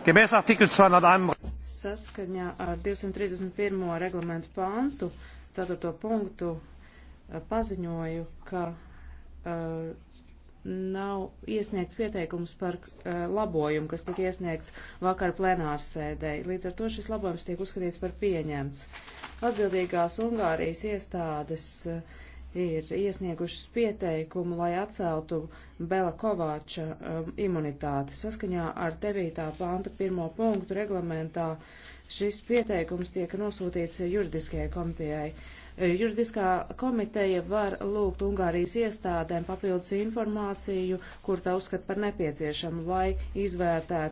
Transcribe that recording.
Gemäß Artikel 231. Saskaņā ar 231. reglamentu pantu, 4. punktu, eh, paziņoju, ka uh, nav iesniegts pieteikums par uh, labojumu, kas tika iesniegts vakar plenārs sēdē. Līdz ar to šis labojums tiek uzskatīts par pieņemts. Atbildīgās Ungārijas iestādes uh, ir iesniegušas pieteikumu, lai atceltu Bela Kovāča um, imunitāti. Saskaņā ar 9. panta 1. punktu reglamentā šis pieteikums tiek nosūtīts juridiskajai komitejai. E, juridiskā komiteja var lūgt Ungārijas iestādēm papildus informāciju, kur tā uzskat par nepieciešamu, lai izvērtētu.